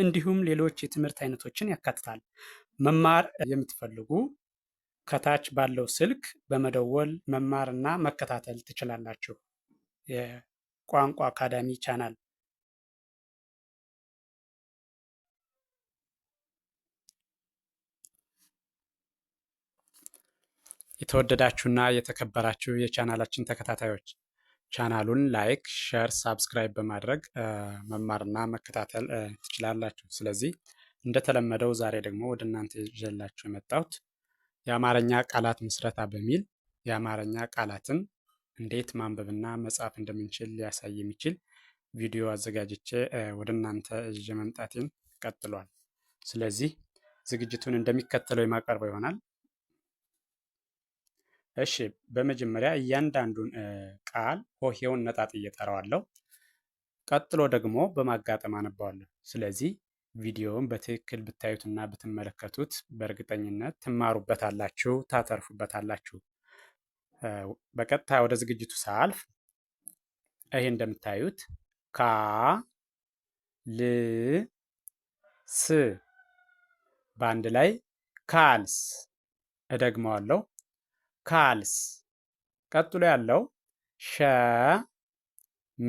እንዲሁም ሌሎች የትምህርት አይነቶችን ያካትታል። መማር የምትፈልጉ ከታች ባለው ስልክ በመደወል መማርና መከታተል ትችላላችሁ። የቋንቋ አካዳሚ ቻናል። የተወደዳችሁና የተከበራችሁ የቻናላችን ተከታታዮች ቻናሉን ላይክ፣ ሸር፣ ሳብስክራይብ በማድረግ መማርና መከታተል ትችላላችሁ። ስለዚህ እንደተለመደው ዛሬ ደግሞ ወደ እናንተ ይዤላችሁ የመጣሁት የአማርኛ ቃላት ምስረታ በሚል የአማርኛ ቃላትን እንዴት ማንበብና መጻፍ እንደምንችል ሊያሳይ የሚችል ቪዲዮ አዘጋጅቼ ወደ እናንተ ይዤ መምጣቴን ቀጥሏል። ስለዚህ ዝግጅቱን እንደሚከተለው የማቀርበው ይሆናል። እሺ በመጀመሪያ እያንዳንዱን ቃል ሆሄውን ነጣጥ እጠራዋለሁ። ቀጥሎ ደግሞ በማጋጠም አነባዋለሁ። ስለዚህ ቪዲዮውን በትክክል ብታዩትና ብትመለከቱት በእርግጠኝነት ትማሩበታላችሁ፣ ታተርፉበታላችሁ። በቀጥታ ወደ ዝግጅቱ ሳልፍ ይሄ እንደምታዩት ካ ል ስ በአንድ ላይ ካልስ እደግመዋለሁ ካልስ። ቀጥሎ ያለው ሸ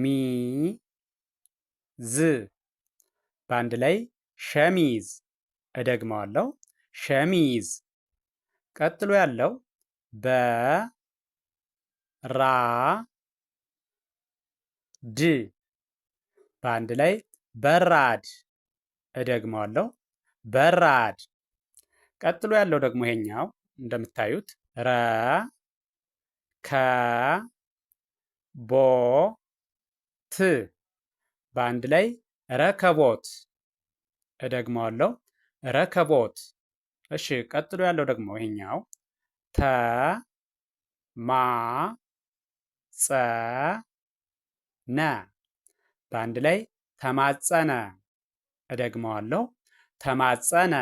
ሚ ዝ በአንድ ላይ ሸሚዝ። እደግመዋለሁ፣ ሸሚዝ። ቀጥሎ ያለው በራ ድ በአንድ ላይ በራድ። እደግመዋለሁ፣ በራድ። ቀጥሎ ያለው ደግሞ ይሄኛው እንደምታዩት ረ ከ ቦ ት በአንድ ላይ ረከቦት። እደግመዋለሁ፣ ረከቦት። እሺ፣ ቀጥሎ ያለው ደግሞ ይሄኛው ተ ማ ጸ ነ በአንድ ላይ ተማጸነ። እደግመዋለሁ፣ ተማጸነ።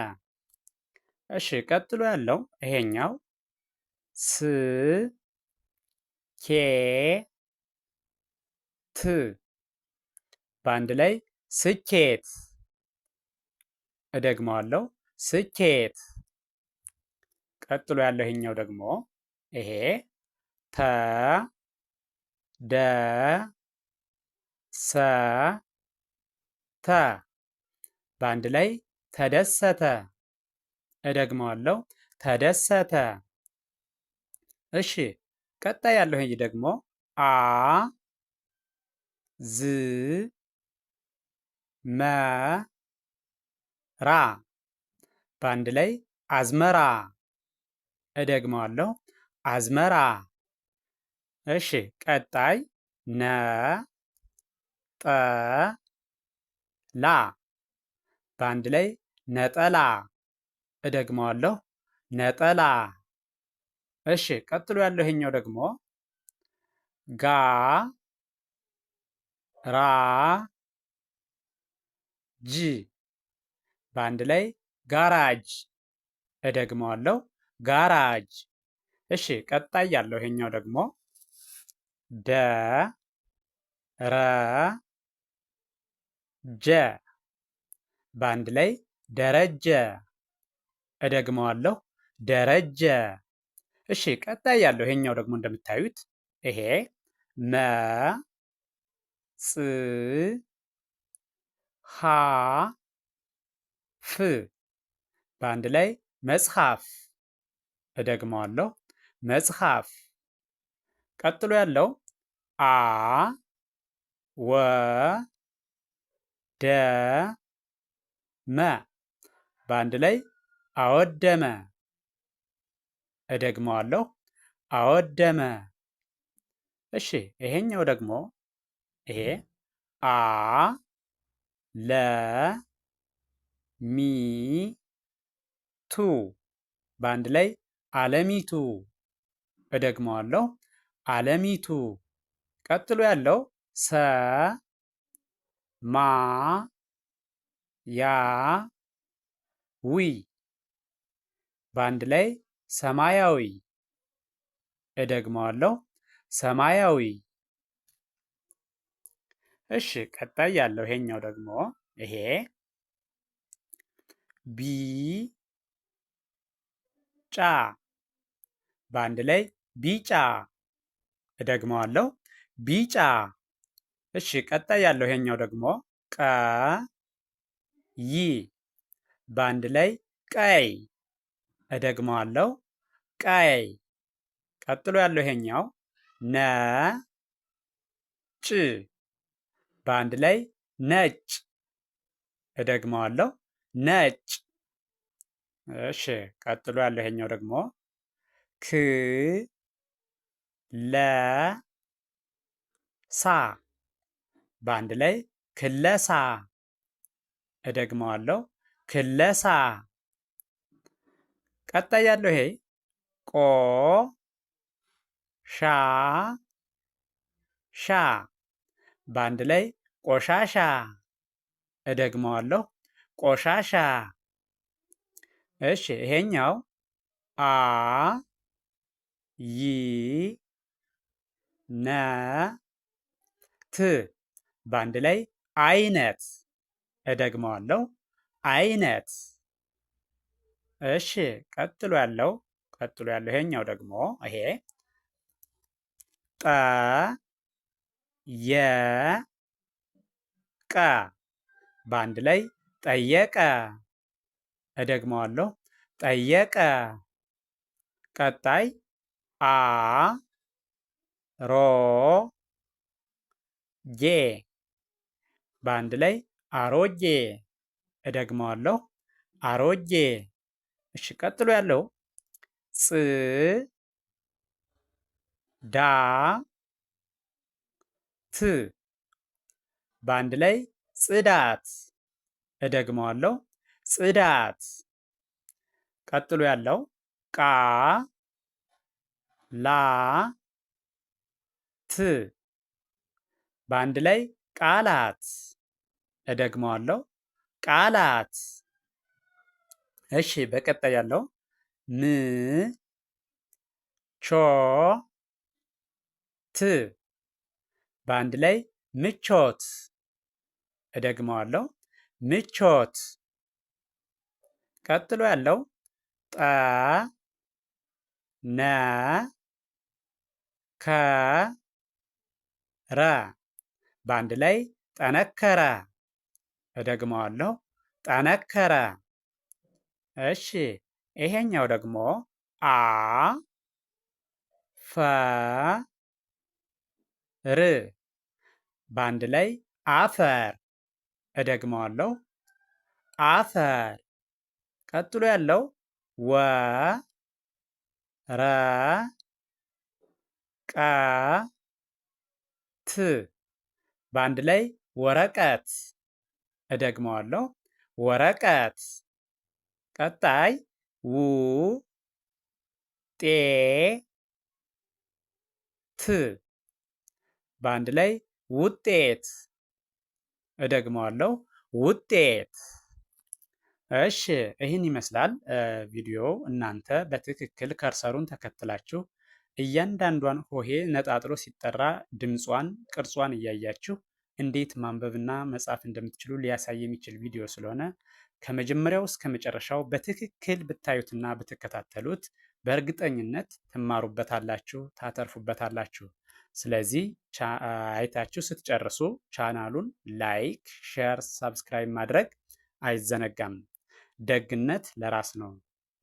እሺ፣ ቀጥሎ ያለው ይሄኛው ስኬት በአንድ ላይ ስኬት። እደግመዋለሁ፣ ስኬት። ቀጥሎ ያለው ይሄኛው ደግሞ ይሄ ተ ደ ሰ ተ በአንድ ላይ ተደሰተ። እደግመዋለሁ፣ ተደሰተ እሺ ቀጣይ ያለው ደግሞ አ ዝ መ ራ በአንድ ላይ አዝመራ። እደግመዋለሁ አዝመራ። እሺ ቀጣይ ነ ጠ ላ በአንድ ላይ ነጠላ። እደግመዋለሁ ነጠላ። እሺ ቀጥሎ ያለው ይሄኛው ደግሞ ጋ ራ ጂ በአንድ ላይ ጋራጅ። እደግመዋለሁ ጋራጅ። እሺ ቀጣይ ያለው ይሄኛው ደግሞ ደ ረ ጀ በአንድ ላይ ደረጀ። እደግመዋለሁ ደረጀ። እሺ ቀጣይ ያለው ይሄኛው ደግሞ እንደምታዩት ይሄ መ ጽ ሀ ፍ በአንድ ላይ መጽሐፍ። እደግመዋለሁ መጽሐፍ። ቀጥሎ ያለው አ ወ ደ መ በአንድ ላይ አወደመ። እደግመዋለሁ አወደመ። እሺ ይሄኛው ደግሞ ይሄ አ ለ ሚ ቱ በአንድ ላይ አለሚቱ። እደግመዋለሁ አለሚቱ። ቀጥሎ ያለው ሰ ማ ያ ዊ በአንድ ላይ ሰማያዊ። እደግመዋለሁ፣ ሰማያዊ። እሺ፣ ቀጣይ ያለው ይሄኛው ደግሞ ይሄ ጫ በአንድ ላይ ቢጫ። እደግመዋለሁ፣ ቢጫ። እሺ፣ ቀጣይ ያለው ይሄኛው ደግሞ ቀይ፣ በአንድ ላይ ቀይ። እደግመዋለሁ። ቀይ። ቀጥሎ ያለው ይሄኛው ነጭ። በአንድ ላይ ነጭ። እደግመዋለሁ። ነጭ። እሺ፣ ቀጥሎ ያለው ይሄኛው ደግሞ ክ ለ ሳ በአንድ ላይ ክለሳ። እደግመዋለሁ ክለሳ ቀጣይ ያለው ይሄ ቆ ሻ ሻ በአንድ ላይ ቆሻሻ። እደግመዋለሁ ቆሻሻ። እሺ ይሄኛው አ ይ ነ ት በአንድ ላይ አይነት። እደግመዋለሁ አይነት እሺ ቀጥሎ ያለው ቀጥሎ ያለው ይሄኛው ደግሞ ይሄ ጠ የ ቀ በአንድ ላይ ጠየቀ። እደግመዋለሁ ጠየቀ። ቀጣይ አ ሮ ጌ በአንድ ላይ አሮጌ። እደግመዋለሁ አሮጌ እሺ ቀጥሎ ያለው ጽ ዳ ት በአንድ ላይ ጽዳት። እደግመዋለሁ፣ ጽዳት። ቀጥሎ ያለው ቃ ላ ት በአንድ ላይ ቃላት። እደግመዋለሁ፣ ቃላት። እሺ በቀጣይ ያለው ም ቾ ት በአንድ ላይ ምቾት። እደግመዋለሁ ምቾት። ቀጥሎ ያለው ጠ ነ ከ ረ በአንድ ላይ ጠነከረ። እደግመዋለሁ ጠነከረ። እሺ ይሄኛው ደግሞ አ ፈ ር በአንድ ላይ አፈር። እደግመዋለሁ አፈር። ቀጥሎ ያለው ወ ረ ቀ ት በአንድ ላይ ወረቀት። እደግመዋለሁ ወረቀት። ቀጣይ ው ጤ ት በአንድ ላይ ውጤት። እደግመዋለሁ ውጤት። እሺ ይህን ይመስላል ቪዲዮ። እናንተ በትክክል ከርሰሩን ተከትላችሁ እያንዳንዷን ሆሄ ነጣጥሎ ሲጠራ ድምጿን፣ ቅርጿን እያያችሁ እንዴት ማንበብና መጻፍ እንደምትችሉ ሊያሳይ የሚችል ቪዲዮ ስለሆነ ከመጀመሪያው እስከ መጨረሻው በትክክል ብታዩትና ብትከታተሉት በእርግጠኝነት ትማሩበታላችሁ፣ ታተርፉበታላችሁ። ስለዚህ አይታችሁ ስትጨርሱ ቻናሉን ላይክ፣ ሼር፣ ሰብስክራይብ ማድረግ አይዘነጋም። ደግነት ለራስ ነው።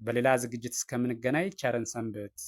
በሌላ ዝግጅት እስከምንገናኝ ቸርን ሰንብት።